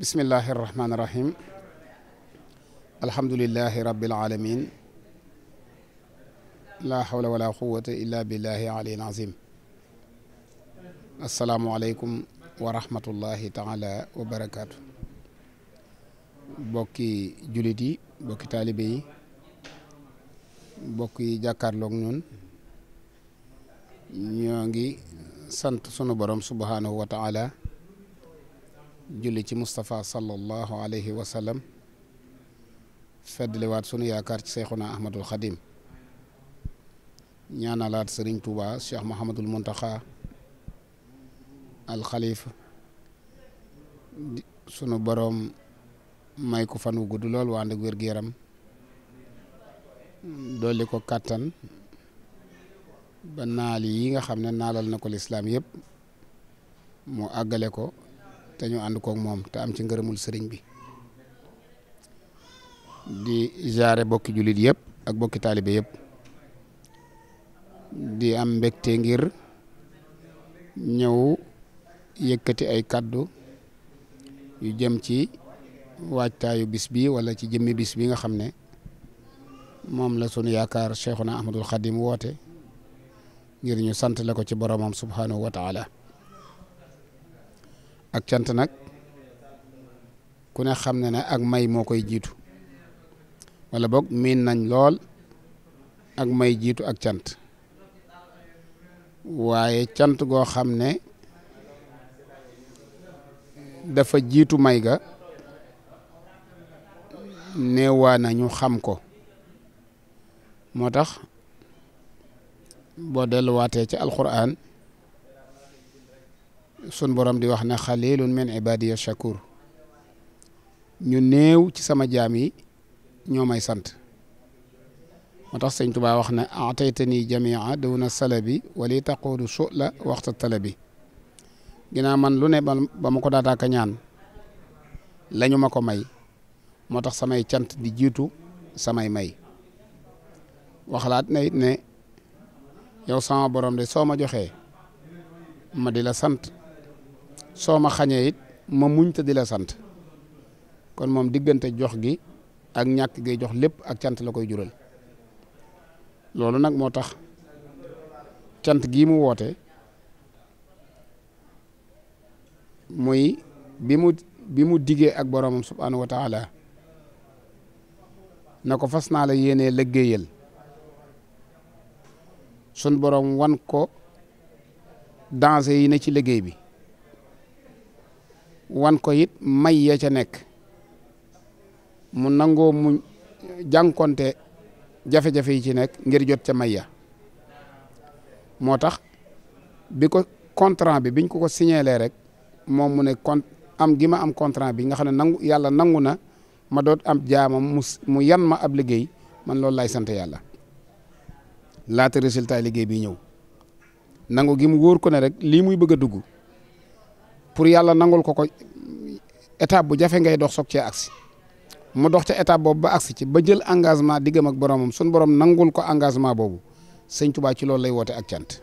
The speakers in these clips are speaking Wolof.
bismillahi irrahmani irrahim alhamdulilahi rabbil alamin la hawla wala quwata illa billahi aliyil azim asalaamualeykum wa rahmatullahi taala wa bokki julit yi bokki taalibe yi bokki jàkkaarloog ñun ñoo ngi sant sunu borom subhanahu wa julli ci Moustapha sallallahu alayhi wa sallam feddliwaat sunu yaakaar ci Seexuna Ahmadul Xadim ñaanalaat Sëriñ Tuuba Cheikh Mouhamadul Muntaxa al Khalifa sunu boroom may ko fan wu gudd lool waa ndag wér yaram dolli ko kàttan ba naal yi nga xam ne naalal na ko lislaam yëpp mu àggale ko te ñu ànd kook moom te am ci ngërëmul sëriñ bi di jaare bokki jullit yëpp ak bokki taalibe yëpp di am mbégte ngir ñëw yëkkati ay kàddu yu jëm ci waajtaayu bis bi wala ci jëmmi bis bi nga xam ne moom la sunu yaakaar Cheikhuna Ahmadul Xadim woote ngir ñu sant la ko ci boromam subhanahu wa taala ak cant nag ku ne xam ne na ak may moo koy jiitu wala boog miin nañ lool ak may jiitu ak cant waaye cant goo xam ne dafa jiitu may ga neewaa nañu xam ko moo tax boo delluwaatee ci alxuraan sun borom di wax ne xalilun min ibadiya shakur ñu néew ci sama jaam yi ñoo may sant moo tax sëñ Tuubaa wax ne ataytani jamia duna salabi wali taquudu su la waxta talabi ginnaaw man lu ne ba mu ko daataaka kañaan lañu ma ko may moo tax samay cant di jiitu samay may waxlaat na it ne yow sama borom de soo ma joxee ma di la sant soo ma xañee it ma muñ te di la sant kon moom diggante jox gi ak ñàkk gi jox lépp ak cant la koy jural loolu nag moo tax cant gii mu woote muy bi mu bi mu digee ak boroomam subhaanahu wa taala na ko fas naa la yéenee liggéeyal sun boroom wan ko danger yi ne ci liggéey bi wan ko it may ya ca nekk mu nangoo mu jànkonte jafe-jafe yi ci nekk ngir jot ca may ya moo tax bi ko contrant bi biñ ko ko signélee rek moom mu ne kon am gi ma am contrant bi nga xam ne nangu yàlla nangu na ma doot am jaama mu mu yan ma ab liggéey man loolu laay sant yàlla laata résultat liggéey bi ñëw nangu gi mu wóor ko ne rek lii muy bëgg a dugg pour yàlla nangul ko ko étape bu jafe ngay dox soog cee agsi mu dox ca étape boobu ba agsi ci ba jël engagement diggam ak boromam sun borom nangul ko engagement boobu sëñ Tuubaa ci loolu lay woote ak cant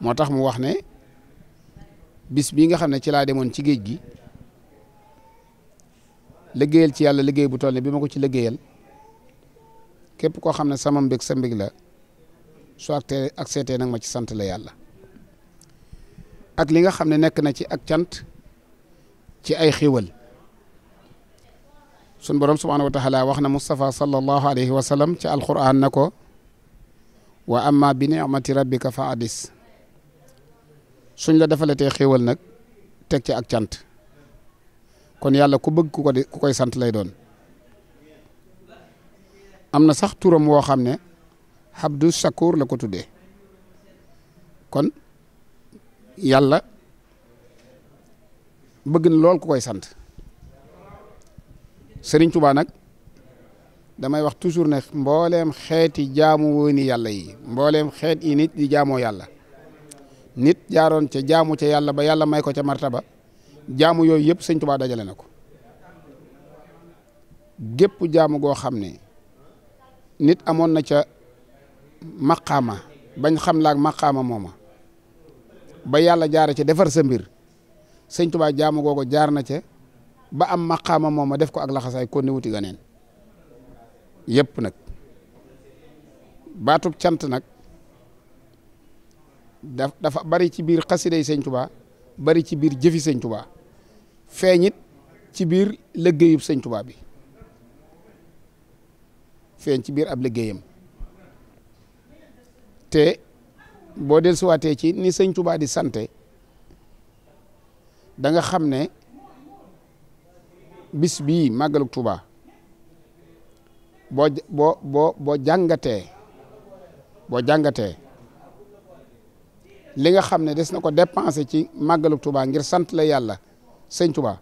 moo tax mu wax ne bis bii nga xam ne ci laa demoon ci géej gi liggéeyal ci yàlla liggéey bu toll ne bi ma ko ci liggéeyal képp koo xam ne sama mbég sa mbég la soo ak te ak seetee nag ma ci sant la yàlla ak li nga xam ne nekk na ci ak cant ci ay xiiwal sun borom subhaanahu wa wax na Moustapha sallallahu alayhi wa sallam ci alquran na ko wa amma bi nicmati rabbika fa addis suñ la defalatee xiwal nag teg ci ak cant kon yàlla ku bëgg ku koy sant lay doon am na sax turam woo xam ne Abdu Shakur la ko tuddee kon yàlla bëgg na lool ku koy sant Serigne Touba nag damay wax toujours ne mbooleem xeeti jaamu wooni yàlla yi mbooleem xeet yi nit di jaamoo yàlla nit jaaroon ca jaamu ca yàlla ba yàlla may ko ca martaba jaamu yooyu yëpp Sëñ Tuubaa dajale na ko gépp jaamu goo xam ne nit amoon na ca maqaama bañ xam laak maqaama mooma ba yàlla jaara ci defar sa mbir sëñ tubaa jaamu googu jaar na ca ba am maqaama moom ma def ko ak laxasaay kon ne wuti ganeen yëpp nag baatub cant nag da dafa bari ci biir xasiday sëñ tubaa bari ci biir jëfi sëñ tubaa feeñit ci biir liggéeyub sëñ bi feeñ ci biir ab liggéeyam te boo del siwaatee ci ni sëñ di sante da nga xam ne bis bii màggalug Tuubaa boo boo boo boo jàngatee boo jàngatee li nga xam ne des na ko dépensé ci màggalug Tuubaa ngir sant la yàlla sëñ Tuubaa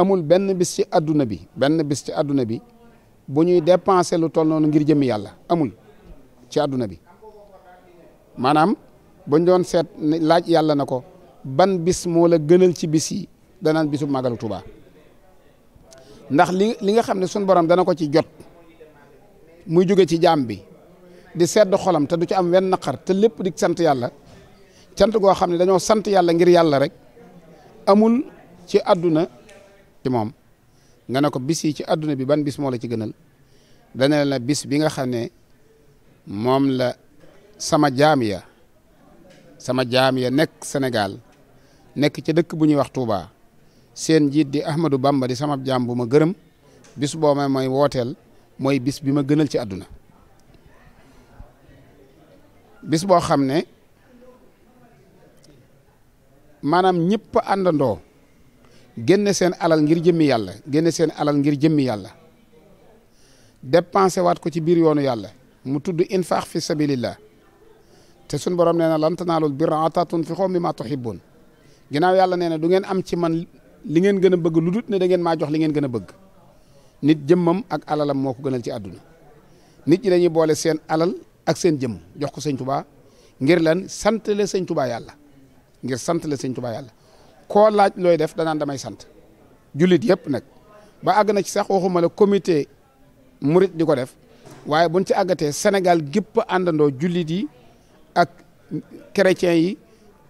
amul benn bis ci àdduna bi benn bis ci àdduna bi bu ñuy dépensé lu toll noonu ngir jëmmi yàlla amul ci àdduna bi maanaam bañ doon seet laaj yàlla na ko ban bis moo la gënal ci bis yi danaan bisu màggalu Tuubaa ndax li li nga xam ne sunu borom dana ko ci jot muy jóge ci jaam bi di sedd xolam te du ci am wenn naqar te lépp di sant yàlla sant goo xam ne dañoo sant yàlla ngir yàlla rek amul ci àdduna ci moom nga ne ko bis yi ci àdduna bi ban bis moo la ci gënal dana la bis bi nga xam ne moom la sama jaam ya sama jaam ya nekk senegal nekk ci dëkk bu ñuy wax Touba seen njiit di Ahmadou Bamba di sama jaam bu ma gërëm bis boo ma mooy wooteel mooy bis bi ma gënal ci àdduna bis boo xam ne maanaam ñëpp àndandoo génne seen alal ngir jëmmi yàlla génne seen alal ngir jëmmi yàlla dépensé waat ko ci biir yoonu yàlla mu tudd infaax fi sabilillah te suñ borom nee na lan tanaalul birra hattaa tunfiqu mimmaa tuhibbuun ginnaaw yàlla nee na du ngeen am ci man li ngeen gën a bëgg lu dul ne da ngeen maa jox li ngeen gën a bëgg nit jëmmam ak alalam moo ko gënal ci àdduna nit ñi dañuy boole seen alal ak seen jëmm jox ko sëñ tubaa ngir lan sant le sëñ tubaa yàlla ngir sant le sëñ tubaa yàlla koo laaj looy def danaan damay sant jullit yëpp nag ba àgg na ci sax waxuma la comité murit di ko def waaye buñ ci àggatee Sénégal gépp àndandoo jullit yi ak chrétien yi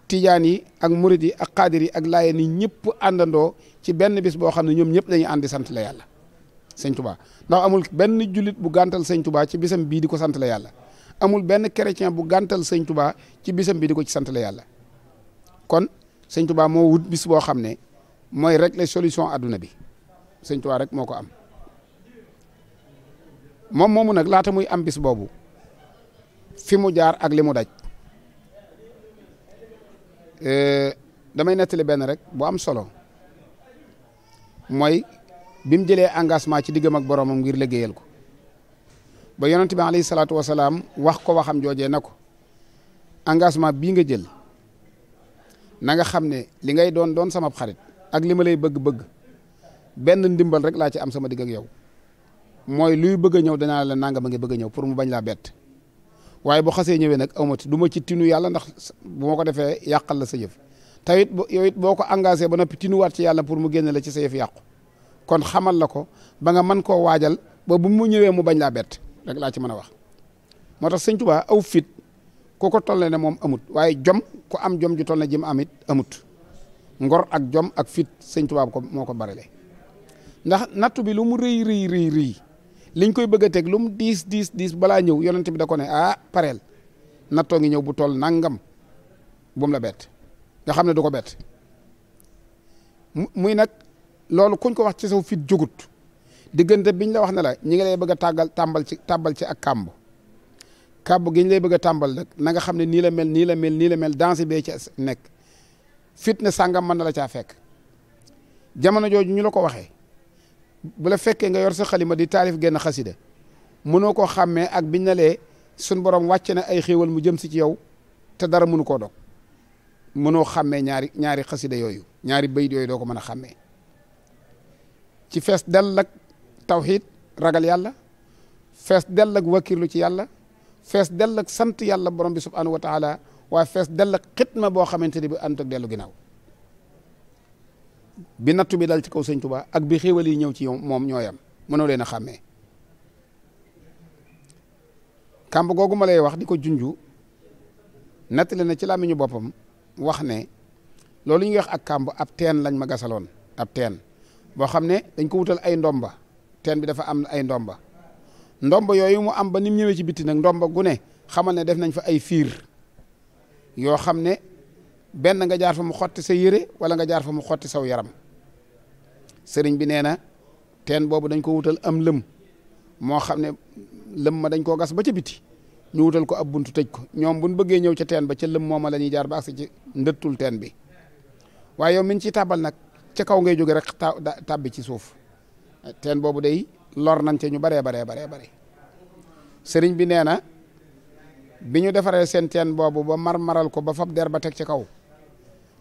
tiijaan yi ak murid yi ak xaadir yi ak laayeen yi ñëpp àndandoo ci benn bis boo xam ne ñoom ñëpp dañuy àndi sant la yàlla sëñ tubaa ndax amul benn jullit bu gàntal sañ tubaa ci bisam bii di ko sant la yàlla amul benn chrétien bu gàntal sëñ ci bisam bii di ko ci sant la kon sëñ tubaa moo wut bis boo xam ne mooy rek régler solution adduna bi sëñ tubaa rek moo ko am moom moomu nag laata muy am bis boobu fi mu jaar ak limu daj Euh, damay nettali benn rek bu am solo mooy bi mu jëlee engagement ci diggam ak boromam ngir liggéeyal ko ba yonent bi alayhi salaatu salaam wax ko waxam joojee na ko engagement bii nga jël na nga xam ne li ngay doon doon sama xarit ak li ma lay bëgg-bëgg benn ndimbal rek laa ci am sama digg yow mooy luy bëgg ñëw danaa la nangam a ngi bëgg ñëw pour mu bañ laa bett. waaye boo xasee ñëwee nag amat du ma ci tinu yàlla ndax bu ma ko defee yàqal la sa yëf te it yow it boo ko engagé ba noppi tinuwaat ci yàlla pour mu génne la ci sa yëf yàqu kon xamal la ko ba nga man koo waajal ba bu mu ñëwee mu bañ laa bett rek laa ci mën a wax moo tax sëñ Tuubaa aw fit ku ko toll ne moom amut waaye jom ku am jom ju toll ne jim amit amut ngor ak jom ak fit sëñ Tuubaa ko moo ko barale ndax nattu bi lu mu rëy rëy rëy liñ koy bëgg a teg lu mu diis diis diis balaa ñëw yonent bi da ko ne ah pareel nattoo ngi ñëw bu toll nangam bu la bett nga xam ne du ko bett muy nag loolu kuñ ko wax ci saw fit jugut diggante biñ la wax ne la ñi ngi la bëgg a tàmbal ci tàmbal ci ak kàmb kàmb gi ñu lay bëgg a tàmbal nag na nga xam ne nii la mel nii la mel nii la mel danse bee ci nekk fit ne sàngam mën na la caa fekk jamono jooju ñu la ko waxee bu la fekkee nga yor sa xalima di taalif genn xasida mënoo koo xàmmee ak biñ na lee suñ borom wàcce na ay xéewal mu jëm si ci yow te dara mënu koo dog mënoo xàmmee ñaari ñaari xasida yooyu ñaari bayit yooyu doo ko mën a xàmmee ci fees dell ak ragal yàlla fees dell ak wakirlu ci yàlla fees dell ak sant yàlla borom bi subhanahu wa taala waaye fees dell ak xitma boo xamante ni bi ànd dellu ginnaaw bi nattu bi dal ci kaw sëñ Tuubaa ak bi xéewal yi ñëw ci moom ñoo yam mënoo leen a xàmmee kàmb googu ma lay wax di ko junju nettali na ci làmmiñu boppam wax ne loolu ñuy wax ak kàmb ab teen lañ ma gasaloon ab teen boo xam ne dañ ko wutal ay ndomba teen bi dafa am ay ndomba ndomba yooyu mu am ba ni mu ñëwee ci bitti nag ndomba gune xamal ne def nañ fa ay fiir yoo xam ne benn nga jaar fa mu xotti sa yére wala nga jaar fa mu xotti saw yaram sëriñ bi nee na teen boobu dañ ko wutal am lëm moo xam ne lëm ma dañ koo gas ba ca biti ñu wutal ko ab buntu tëj ko ñoom buñ bëggee ñëw ci teen ba ca lëm mooma la ñuy jaar ba agsi ci ndëttul teen bi waaye yow min ci tàbbal nag ca kaw ngay jóge rek tàbbi ci suuf teen boobu day lor nañ ca ñu baree baree baree bare sëriñ bi nee na bi ñu defaree seen teen boobu ba mar maral ko ba fab der ba teg ci kaw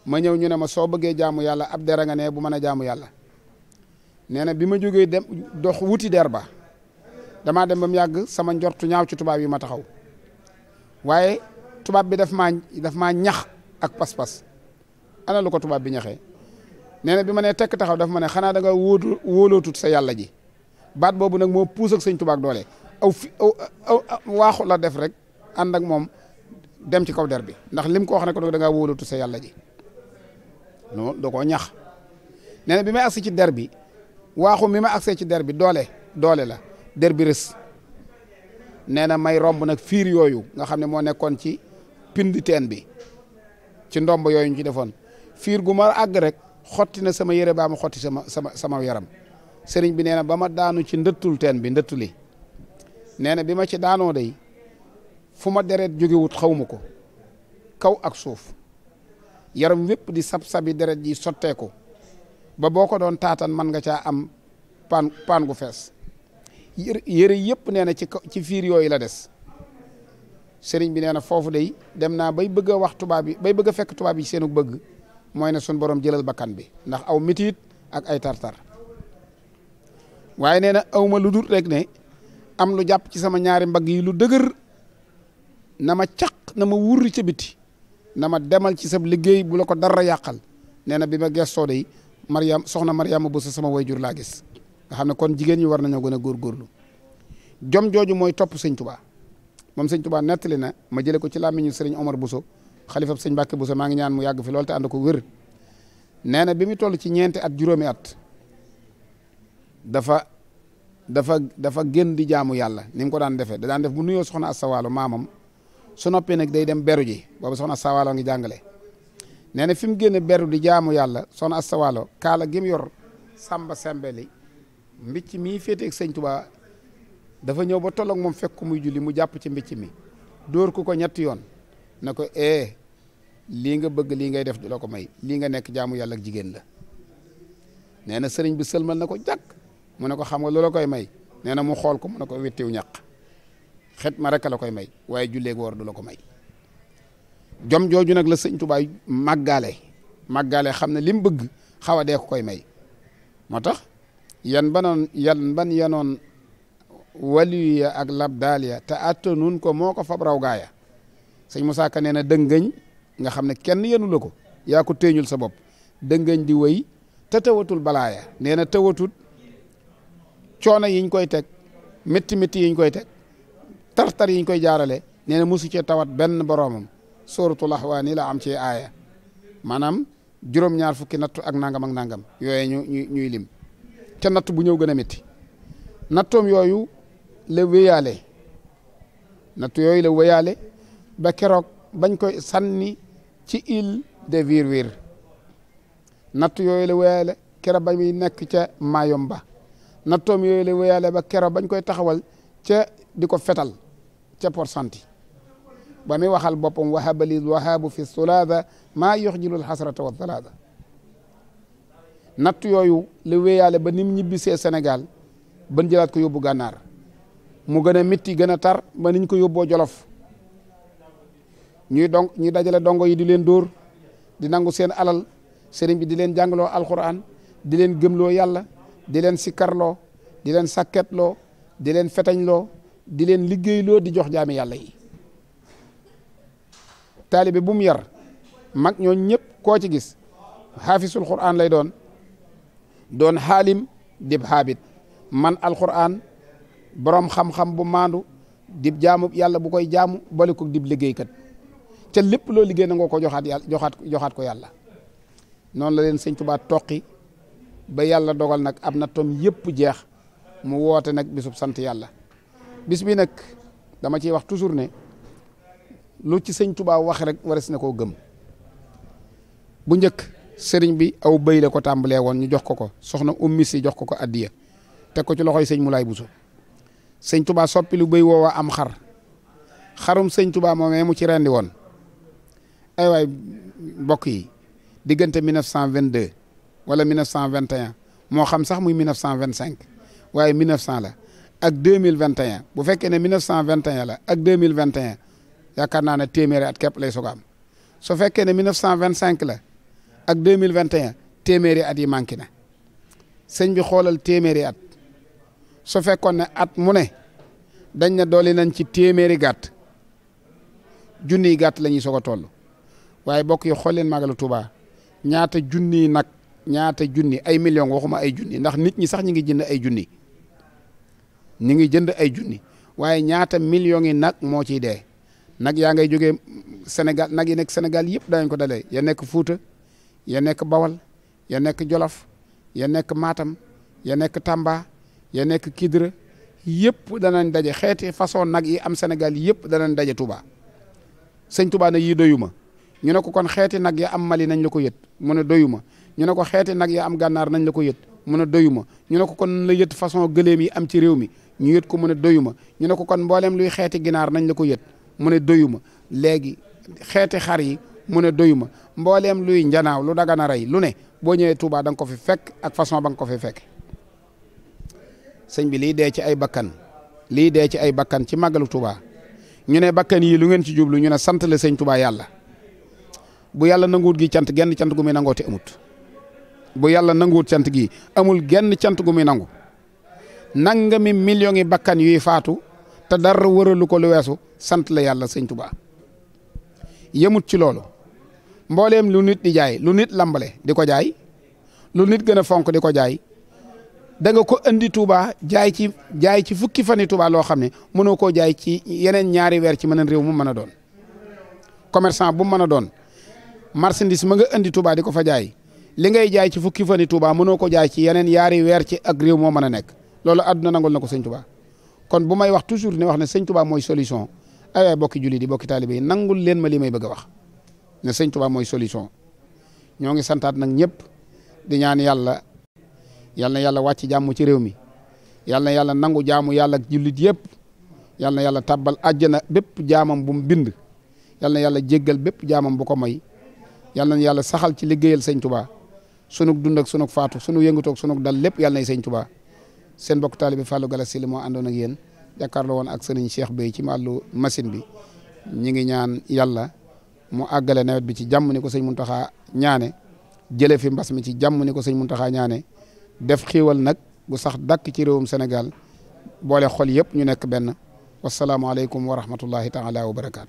ma ñëw ñu ne ma soo bëggee jaamu yàlla ab dera nga ne bu mën a jaamu yàlla nee na bi ma jógee dem dox wuti der ba damaa dem ba mu yàgg sama njortu ñaaw ci tubaab yi ma taxaw waaye tubaab bi daf ma daf maa ñax ak pas-pas ana lu ko tubaab bi ñaxee nee na bi ma nee tekk taxaw daf ma ne xanaa da nga wóotu sa yàlla ji baat boobu nag moo puus sëñ tubaab doole aw fi aw def rek ànd ak moom dem ci kaw der bi ndax lim ko wax ne ko da ngaa sa yàlla ji non da ko ñax nee bi may agsi ci der bi waaxu mi ma agsee ci der bi doole doole la der bi rës nee na may romb nag fiir yooyu nga xam ne moo nekkoon ci pind teen bi ci ndomb yooyu ci defoon fiir gu ma àgg rek xotti na sama yére baa ma xotti sama sama sama yaram sëriñ bi nee na ba ma daanu ci ndëttul teen bi ndëttuli nee na bi ma ci daanoo day fu ma deret jógewut xaw ko kaw ak suuf yaram wépp di sab-sabi deret ji sotteeku ba boo ko doon taatan man nga caa am paan paan gu fees yére yëpp nee na ci ci fiir yooyu la des sëriñ bi nee na foofu day dem naa bay bëgg a wax tubaab bi bay bëgg a fekk tubaab yi seenu bëgg mooy ne sun borom jëlal bakkan bi ndax aw mitiit ak ay tartar waaye nee na awma lu dul rek ne am lu jàpp ci sama ñaari mbagg yi lu dëgër na ma caq na ma wurri ca biti na ma demal ci sab liggéey bu la ko dara yàqal nee na bi ma gëstoo de maryam soxna Mariama Bousso sama jur laa gis nga xam ne kon jigéen ñi war nañoo gën a góorgóorlu jom jooju mooy topp sëñ Tuubaa moom sëñ Tuubaa nettali na ma jëlee ko ci làmmiñu sëriñ Omar Bousso xalifab sëñ Mbàkke Bousso maa ngi ñaan mu yàgg fi lool te ànd ko wér nee na bi mu toll ci ñeenti at juróomi at dafa dafa dafa gën di jaamu yàlla ni mu ko daan defee da daan def bu nuyoo soxna Asawaalo maamam su noppee nag day dem beru ji boobu soxna Asawaalo ngi jàngale nee na fi mu génne beru di jaamu yàlla soxna Asawaalo kaala gi yor sàmba sembeli mbicc mii féeteeg sëñ Tuubaa dafa ñëw ba tolloog moom fekk muy julli mu jàpp ci mbicc mi dóor ku ko ñetti yoon na ko ee eh, lii nga bëgg lii ngay def du la ko may lii nga nekk jaamu yàlla ak jigéen la nee na sëriñ bi sëlmal na ko jàkk mu ne ko xam nga loola koy may nee na mu xool ko mu ne ko wettiw ñàq xet ma rek la koy may waaye jullee woor du la ko may jom jooju nag la sëñ Tuubaa màggaale màggaale xam ne li mu bëgg xaw a dee ko koy may moo tax yan banoon yan ban yanoon waliyu ya ak labdaal ya te attanuun ko moo ko fab raw gaaya sëñ Moussa Ka nee na dëngëñ nga xam ne kenn yenu la ko yaa ko téeñul sa bopp dëngëñ di wëy te tawatul balaaya nee na tawatut coono yiñ koy teg métti métti yiñ koy teg tartar yi ñu koy jaarale nee na mosu cee tawat benn boroomam sóoratul Ahwaani la am cee aaya maanaam juróom-ñaar fukki nattu ak nangam ak nangam yooyu ñu ñuy lim te natt bu ñëw gën a métti nattoom yooyu la wéyaale natt yooyu la wéyaale ba keroog bañ koy sànni ci île de wiir natt yooyu la wéyaale keroog ba muy nekk ca Mayomba nattoom yooyu la wéyaale ba keroog bañ koy taxawal ca di ko fetal ca Port Santi ba muy waxal boppam wahabalil wahaabu fi sulaada maa yuxjilul xasrata wa salaada natt yooyu la wéyaale ba nim ñibbisee senegal ba jëlaat ko yóbbu gànnaar mu gën a métti gën a tar ba niñ ko yóbboo jolof ñuy dong ñuy dajale dongo yi di leen dóor di nangu seen alal sëriñ bi di leen jàngaloo alquran di leen gëmloo yàlla di leen sikkarloo di leen sàkketloo di leen fetañloo di leen liggéeyloo di jox jaami yàlla yi taalibe bu yar mag ñooñ ñëpp koo ci gis xaafisul quraan lay doon doon xaalim dib xaabit man alquraan borom xam-xam bu maandu dib jaamu yàlla bu koy jaamu boole ko dib liggéeykat ca lépp loo liggéey na nga ko joxaat yàlla joxaat joxaat ko yàlla noonu la leen sëñ Tuubaa toqi ba yàlla dogal nag ab nattoom yëpp jeex mu woote nag bisub sant yàlla bis bi nag dama ciy wax toujours ne lu ci sëñ tubaa wax rek waras na koo gëm bu njëkk sëriñ bi aw béy la ko tàmbalee woon ñu jox ko ko soxna ummi si jox ko ko addiya teg ko ci loxoy sëñ Moulay Bousso sëñ tubaa soppi lu bay woowa am xar xarum sëñ Tuubaa moomee mu ci rendi woon ay waay mbokk yi diggante cent 1922 wala 1921 moo xam sax muy cent vingt 1925 waaye 1900 la ak deux mille vingt et un bu fekkee ne mille cent vingt ak deux mille vingt et yaakaar naa ne téeméeri at képp lay soog am su fekkee ne mille neuf cent vingt la ak deux mille vingt et un téeméeri at yi manqué na sëñ bi xoolal téeméeri at su fekkoon ne at mu ne dañ ne dooli nañ ci téeméeri gàtt junniy gàtt la ñuy soog a toll waaye bokk yi xool leen màggalu Tuubaa ñaata junniy nag ñaata junni ay millions waxuma ay junni ndax nit ñi sax ñi ngi jënd ay junni. ñu ngi jënd ay junni waaye ñaata millions yi nag moo ciy dee nag yaa ngay jógee Sénégal nag yi nekk Sénégal yëpp danañ ko dalee ya nekk Fuuta ya nekk Bawal ya nekk Jolof ya nekk Matam ya nekk Tamba ya nekk Kidira yëpp danañ daje xeeti façon nag yi am Sénégal yëpp danañ daje Touba sëñ Touba ne yii ñu ne ko kon xeeti nag ya am Mali nañ la ko yët mu ne doyuma ñu ne ko xeeti nag ya am gànnaar nañ la ko yët mu ne doyuma ñu ne ko kon la yët façon gëléem yi am ci réew mi ñu yët ko mu ne doyuma ñu ne ko kon mbooleem luy xeeti ginaar nañ la ko yët mu ne doyuma léegi xeeti xar yi mu ne doyuma mbooleem luy njanaaw lu dagan a lu ne boo ñëwee Touba dang ko fi fekk ak façon ba nga ko fi fekk sëñ bi lii dee ci ay bakkan lii dee ci ay bakkan ci màggalu Touba ñu ne bakkan yi lu ngeen ci jublu ñu ne sant sañ sëñ yàlla bu yàlla nanguwut gi cant genn cant gu muy nangooti amut bu yàlla nanguwut cant gi amul genn cant gu muy nangu nangami millions yi bakkan yuy faatu te dara wëralu ko lu weesu sant la yàlla sëñ yëmut ci loolu mbooleem lu nit di jaay lu nit lambale di ko jaay lu nit gën a fonk di ko jaay danga ko andi Touba jaay ci jaay ci fukki fani Touba loo xam ne mënoo koo jaay ci yeneen ñaari weer ci mëneen réew mu mën a doon commerçant bu mën a doon marchandise ma nga andi Touba di ko fa jaay li ngay jaay ci fukki fani Touba mënoo ko jaay ci yeneen yaari weer ci ak réew moo mën a nekk loolu àdduna nangul na ko sëñ Tuubaa kon bu may wax toujours ne wax ne sëñ Tuubaa mooy solution ay bokki jullit di bokki taalibe yi nangul leen ma li may bëgg a wax ne sëñ Tuubaa mooy solution ñoo ngi santaat nag ñëpp di ñaan yàlla yal na yàlla wàcc jàmm ci réew mi yal yàlla nangu jaamu yàlla ak jullit yëpp yal na yàlla tabbal àjjana bépp jaamam bu mu bind yal na yàlla jéggal bépp jaamam bu ko may yal na yàlla saxal ci liggéeyal sëñ Tuubaa sunug dund ak sunug faatu sunu yëngatu ak dal lépp yal nay seen bokk taalibe Fallou Galass Syll moo àndoon ak yéen jàkkaarloo woon ak sëriñ Cheikh Bey ci wàllu machine bi ñi ngi ñaan yàlla mu àggale nawet bi ci jàmm ni ko sëñ Mountakha ñaane jële fi mbas mi ci jàmm ko sëñ Mountakha ñaane def xiiwal nag bu sax dakk ci réewum senegal boole xol yëpp ñu nekk benn wasalaamualeykum wa rahmatullahi taala wa barakaatu.